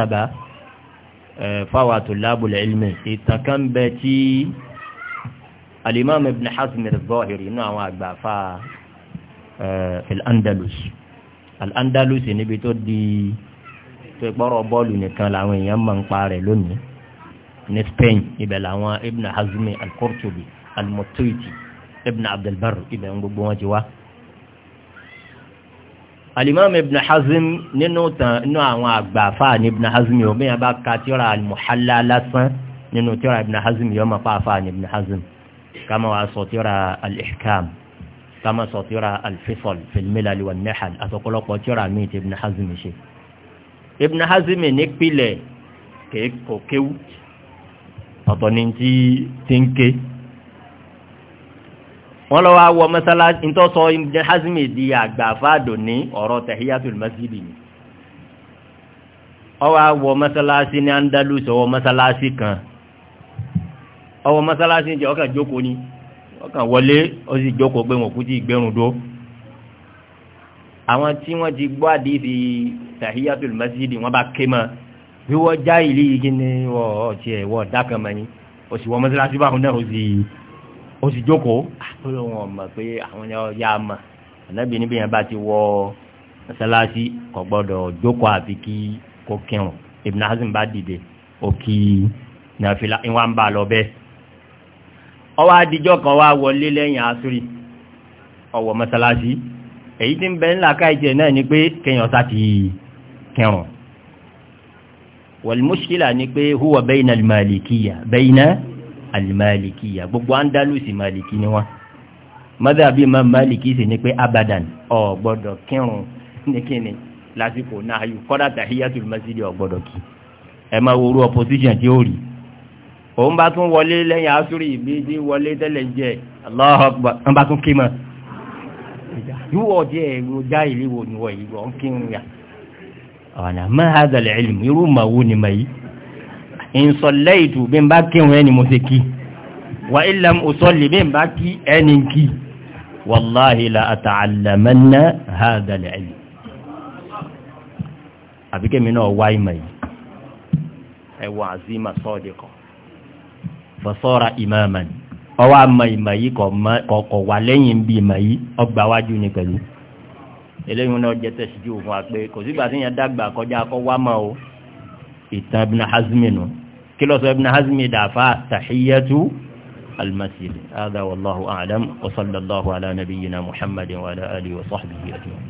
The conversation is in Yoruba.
maktaba fáwọn àtòlábùl ilmi ìtàn kan bẹ tí alimami ibn hazm al-zahiri inú àwọn àgbàfà al-andalus al-andalus níbi tó di tó ìpọ́rọ̀ bọ́ọ̀lù nìkan làwọn èèyàn máa ń pa rẹ̀ lónìí ní spain ibẹ̀ làwọn ibn hazmi al-qurtubi al-mutaiti ibn abdulbar ibẹ̀ ń gbogbo wọn ti wá alimami ibn hazim nínú tàn nínú àwọn àgbàfà ní ibn hazim yóò bẹ́yàn bá ka tíra alimuhala lásán nínú tíra ibn hazim yóò máa fàáfà ní ibn hazim kama wàá sọ tíra al-ihkam kama sọ tíra al-fisal fil-milal wan-nihal àtọkọlọpọ tíra míì tí ibn hazim ṣe ibn hazim nípìlẹ̀ kéèkó kéwù ọ̀tọ̀ ní ti ti ń wọ́n lọ wá wọ mọ́sálásí ntọ́sọ ibn hazmi di àgbàfáàdò ní ọ̀rọ̀ tahiyatul masjid ni ó wá wọ mọ́sálásí ní andalus ó wọ mọ́sálásí kan ó wọ mọ́sálásí jẹ́ ọkàn jókòó ni ọkàn wọlé ó sì jókòó pé wọn kú ti gbẹrun dó àwọn tí wọ́n ti gbọ́ àdìsí tahiyatul masjid wọ́n bá ké mọ́ bí wọ́n já ìlú yìí kí ni wọ́n ọ̀tí ẹ̀ wọ́n dákan ni ó sì wọ mọ́sálásí báwọn tó lóun ọmọ pé àwọn ya mọ̀ ànábì níbi yẹn bá ti wọ mọ́sálásí kò gbọ́dọ̀ jókòó àfi kí kó kírun Ibn Hazm bá dìde òkì nàfìlà ìwà ń bá lọ bẹ́ẹ̀ ọwọ́ adijọ́ kan wá wọlé lẹ́yìn asúrì ọwọ́ mọ́sálásí èyí tí ń bẹ ńlá káìjẹ náà ni pé kéèyàn sá ti kírun wàlmúṣkìlà ni pé huwa bayna al-malikiyya bayna gbogbo Andalusi maliki ni wọ́n mọ́dàbí ma máàlìkì sì ní pé abadan ò gbọ́dọ̀ kírun nìkíni lásìkò náà yóò kọ́dà tahiyatul masjidi ò gbọ́dọ̀ kí ẹ máa wo orú opposition tí ó rí òun bá tún wọlé lẹ́yìn asúrì ìbí tí wọlé tẹ́lẹ̀ jẹ́ Allahu Akbar wọ́n bá tún kí mọ́ yíwọ́ jẹ́ ẹ̀rọ já ìléwò níwọ̀ yìí wọ́n kírun yà ọ̀nà ma hadha al-ilm irú ni mà yìí in sallaytu bí n bá kírun ẹni mo ṣe kí wa illam usalli bí n bá kí ẹni kí wàláhì la àtàlàmẹ́nà hádàlẹ̀ ẹ̀yìn àbíkẹ́mi náà wá ìmọ̀ yìí ẹwà àzímà sọ́ọ̀dẹ̀kọ̀ fọ́sọ́ra ìmọ̀ọ̀mọ̀ ni ọwọ́ àmọ̀ ìmọ̀ yìí kọ̀ọ̀kọ̀ wà lẹ́yìn bí ìmọ̀ yìí ọgbà wájú ni pẹ̀lú eléyìí náà jẹ́ tẹ̀síjú fún wa pé kò sígbà tí yẹn dàgbà kọjá kọ́ wá mọ́ o ìtàn ibn hazmi nù kí lọ́sọ̀ ibn hazmi dàfa tàhíyẹ́tù المسجد هذا والله أعلم وصلى الله على نبينا محمد وعلى آله وصحبه أجمعين